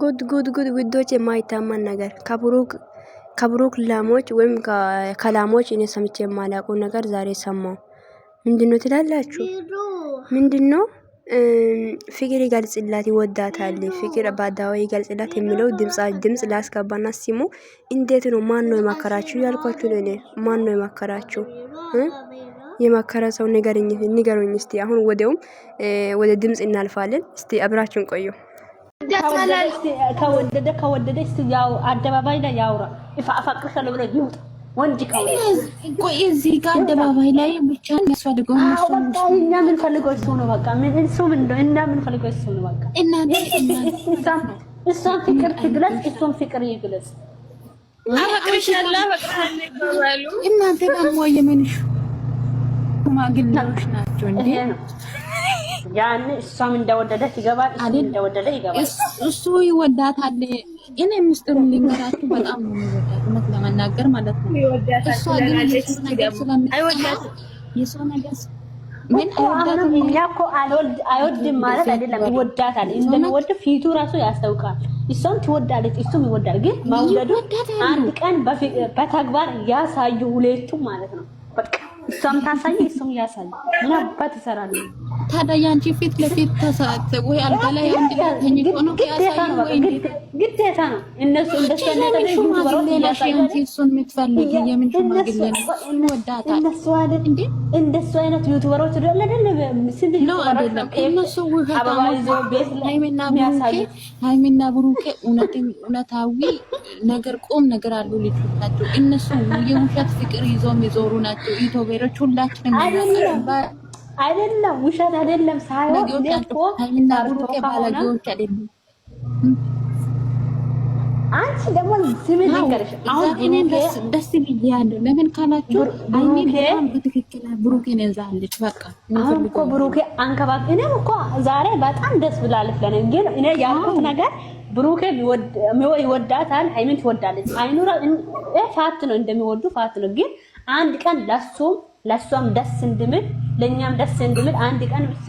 ጉድ ጉድ ጉድ ጉዶች የማይታመን ነገር ከብሩክ ከብሩክ ላሞች ወይም ከላሞች እኔ ሰምቼ የማላውቁ ነገር ዛሬ ሰማው። ምንድነው ትላላችሁ? ምንድነው ፍቅር ይገልጽላት ይወዳታል፣ ፍቅር በአደባባይ ይገልጽላት የሚለው ድምፅ ላስገባና ሲሙ እንዴት ነው? ማን ነው የመከራችሁ ያልኳችሁ? ለእኔ ማን ነው የመከራችሁ? የመከረ ሰው ንገሩኝ እስቲ። አሁን ወደውም ወደ ድምፅ እናልፋለን። እስቲ አብራችን ቆዩ። ከወደደ ከወደደ ያው አደባባይ ላይ ያውራ። አፈቅርሻለሁ ብሎ ይውጣ ወንድ ቆይ፣ እዚህ ጋር አደባባይ ላይ ብቻ የሚያስፈልገው እኛ የምንፈልገው እሱ ነው። በቃ እሱ ምንድን ነው? እኛ የምንፈልገው እሱ ነው። በቃ እሷም ፍቅር ትግለጽ፣ እሱም ፍቅር ይግለጽ። እናንተ ደግሞ የምን ሽማግሌዎች ናቸው እንዴ? ያን እሷም እንደወደደች ይገባል፣ እሱም እንደወደደ ይገባል። እሱ ይወዳታል። እኔ በጣም ነው የሚወዳት እውነት ለመናገር ማለት ነው። እሷ ግን የሰው ነገር ምን እኛ እኮ አይወድም ማለት አይደለም፣ ይወዳታል። እንደሚወድ ፊቱ ራሱ ያስታውቃል። እሷም ትወዳለች፣ እሱም ይወዳል። ግን መውደዱ አንድ ቀን በተግባር ያሳዩ ሁለቱም ማለት ነው። በቃ እሷም ታሳይ፣ እሱም ታዲያ ያንቺ ፊት ለፊት ተሳት ወይ አልጋ ላይ አንድ ላይ ተኝቶ ነው ያሳየው ወይ ግዴታ ነው። እነሱ የምን ወዳታ እነሱ አይደል እንዴ እንደሱ አይነት ዩቲዩበሮች ደለ ደለ ምስል ነው አይደለም። እነሱ ቤት እውነታዊ ነገር ቆም ነገር አሉ ልጆች ናቸው። እነሱ የውሸት ፍቅር ይዞ የሚዞሩ ናቸው። ዩቲዩበሮች ሁላችንም አይደለም አይደለም ውሸት አይደለም። ሳይሆን አንቺ ደግሞ አሁን ለምን ካላችሁ አሁን እኮ ብሩኬ አንከባክ እኔም እኮ ዛሬ በጣም ደስ ብላለች። ግን እኔ ያልኩት ነገር ብሩኬ ይወዳታል፣ ሃይሚን ትወዳለች። አይኑራ ፋት ነው እንደሚወዱ ፋት ነው። ግን አንድ ቀን ለሱም ለሷም ደስ እንድምል ለእኛም ደስ እንድምል አንድ ቀን እሱ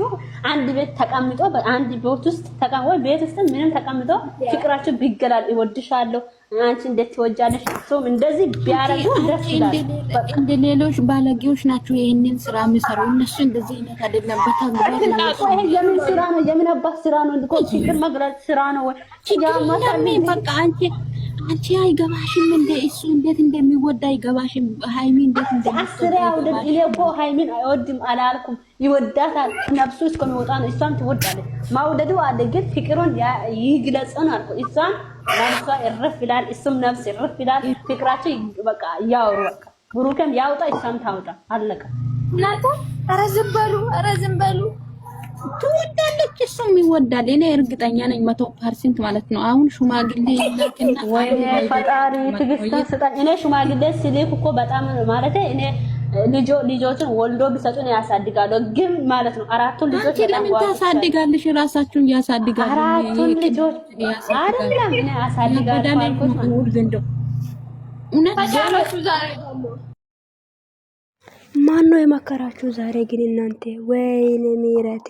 አንድ ቤት ተቀምጦ አንድ ቤት ውስጥ ተቀምጦ ቤት ውስጥ ምንም ተቀምጦ ፍቅራቸው ቢገላል ይወድሻለሁ፣ አንቺ እንዴት ትወጃለሽ? እሱም እንደዚህ ቢያረጉ ደስ ይላል። እንደ ሌሎች ባለጌዎች ናቸው ይሄንን ስራ የሚሰሩ እነሱ እንደዚህ አይነት አይደለም። በታግባር ነው። ይሄ የምን ስራ ነው? የምን አባት ስራ ነው? እንድቆም ችግር መግለጽ ስራ ነው ወይ? ችግር ማሳለፍ በቃ አንቺ አንቺ አይገባሽም እንደ እሱ እንዴት እንደሚወድ አይገባሽም። ሃይሚ እንዴት እንደሚወድ እኔ እኮ ሃይሚን አይወድም አላልኩም፣ ይወዳታል። ነፍሱ እስከሚወጣ ነው። እሷም ትወዳለች። ማውደዱ አለ፣ ግን ፍቅሩን ይግለጽን አልኩ። እሷም ነፍሷ እረፍ ይላል፣ እሱም ነፍስ እረፍ ይላል። ፍቅራቸው በቃ እያወሩ በቃ ብሩኬም ያውጣ፣ እሷም ታውጣ። አለቀ። እናንተ ኧረ በሉ፣ ኧረ በሉ። ትወዳለች አጭር ሰውን ይወዳል። እኔ እርግጠኛ ነኝ መቶ ፐርሰንት ማለት ነው። አሁን ሽማግሌ ይላክና ፈጣሪ ትግስት ስጠን። እኔ ሽማግሌ ስልክ እኮ በጣም ማለት እኔ ልጆ ልጆችን ወልዶ ቢሰጡን ያሳድጋሉ። ግን ማለት ነው አራቱን ልጆች ለምን ጓጉ ታሳድጋለሽ፣ ራሳችሁን ያሳድጋሉ። አራቱን ልጆች አይደለም እኔ ያሳድጋለሁ። እውነት ዛሬ ማን ነው የመከራችሁ? ዛሬ ግን እናንተ ወይኔ ምህረት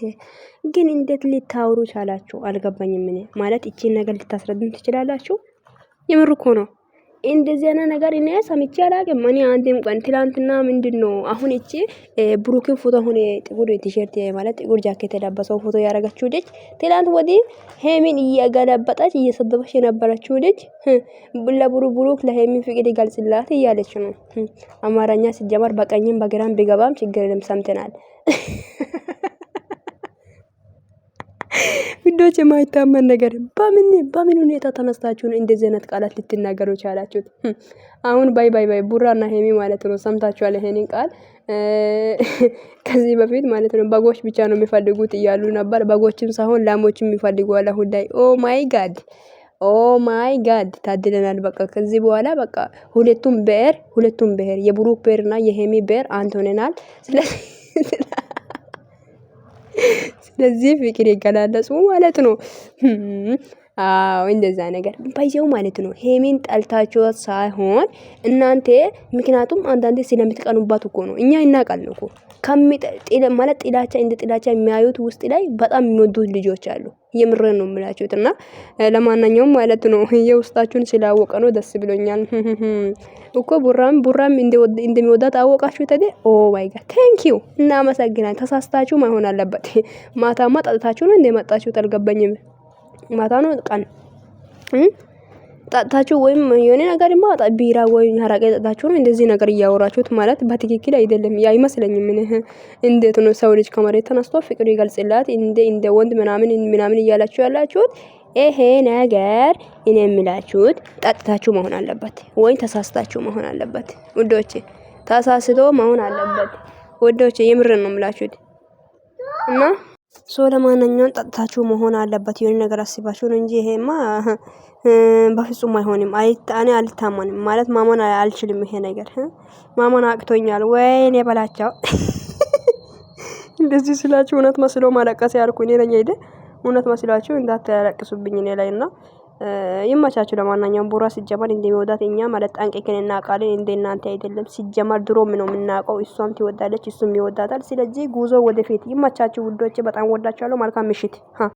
ግን እንዴት ልታወሩ ቻላችሁ? አልገባኝም። እኔ ማለት እቺን ነገር ልታስረዱን ትችላላችሁ? የምር እኮ ነው። እንደዚህ አይነት ነገር እኔ ሰምቼ አላቅም። ማን አንድም ቀን ትላንትና ምንድን ነው አሁን እቺ ብሩክን ፎቶ አሁን ጥቁር ቲሸርት ማለት ጥቁር ጃኬት የለበሰው ፎቶ ያረጋችሁ ልጅ ትላንት ወዲ ሄሚን እየገለበጠች እየሰደበች የነበረችው ልጅ ለብሩ ብሩክ ለሄሚን ፍቅድ ይገልጽላት እያለች ነው። አማርኛ ሲጀመር በቀኝም በግራም ቢገባም ችግር የለም ሰምተናል። ውዶች የማይታመን ነገር በምን በምን ሁኔታ ተነስታችሁን እንደዚህ አይነት ቃላት ልትናገሩ ቻላችሁት? አሁን ባይ ባይ ባይ ቡራና ሄሚ ማለት ነው። ሰምታችኋል ይሄንን ቃል ከዚህ በፊት ማለት ነው። በጎች ብቻ ነው የሚፈልጉት እያሉ ነበር። በጎችም ሳይሆን ላሞችም የሚፈልጉዋል አሁን ላይ። ኦ ማይ ጋድ ኦ ማይ ጋድ ታድለናል። በቃ ከዚህ በኋላ በቃ ሁለቱም ብሔር ሁለቱም ብሄር የብሩክ ብሔርና የሄሚ ብሔር አንድ ሆነናል። ስለዚህ ለዚህ ፍቅር ይገላለጹ ማለት ነው። አዎ እንደዛ ነገር ባየው ማለት ነው። ሄሚን ጠልታችኋት ሳይሆን እናንተ ምክንያቱም አንዳንዴ ስለምትቀኑባት እኮ ነው። እኛ እናውቃለን እኮ ከሚጥል ማለት ጥላቻ እንደ ጥላቻ የሚያዩት ውስጥ ላይ በጣም የሚወዱት ልጆች አሉ። የምረ ነው የምላችሁት። እና ለማናኛውም ማለት ነው የውስጣችሁን ስላወቀ ነው ደስ ብሎኛል እኮ ቡራም ቡራም እንደሚወዳት አወቃችሁ ተ ኦ ማይ ጋድ ቴንኪዩ እናመሰግናል። ተሳስታችሁ ማይሆን አለበት ማታማ ጠጥታችሁ ነው እንደመጣችሁት አልገባኝም። ማታ ነው ቀን ጠጥታችሁ ወይም የሆነ ነገር ማ ቢራ ወይም ሀራቂ ጠጥታችሁ ነው እንደዚህ ነገር እያወራችሁት ማለት በትክክል አይደለም አይመስለኝም። እንዴት ነው ሰው ልጅ ከመሬት ተነስቶ ፍቅር ይገልጽላት እንደ እንደ ወንድ ምናምን ምናምን እያላችሁ ያላችሁት ይሄ ነገር እኔ የሚላችሁት ጠጥታችሁ መሆን አለበት ወይም ተሳስታችሁ መሆን አለበት። ውዶቼ ተሳስቶ መሆን አለበት። ውዶቼ የምርን ነው የምላችሁት እና ሶ ለማንኛውም ጠጥታችሁ መሆን አለበት። የሆነ ነገር አስባችሁ ነው እንጂ ይሄማ በፍጹም አይሆንም። አይታኔ አልታማንም ማለት ማመን አልችልም። ይሄ ነገር ማመን አቅቶኛል። ወይኔ በላቸው እንደዚህ ስላችሁ እውነት መስሎ ማለቀስ ያልኩ እኔ ነኝ አይደል? እውነት መስላችሁ እንዳታለቅሱብኝ እኔ ላይ እና ይመቻችሁ። ለማናኛውም ቡራ ሲጀመር እንደሚወዳት እኛ ማለት ጠንቅቀን እናውቃለን። እንደ እናንተ አይደለም። ሲጀመር ድሮ ነው የምናውቀው። እሷም ትወዳለች፣ እሱም ይወዳታል። ስለዚህ ጉዞ ወደፊት ይመቻችሁ ውዶች። በጣም ወዳችኋለሁ። መልካም ምሽት።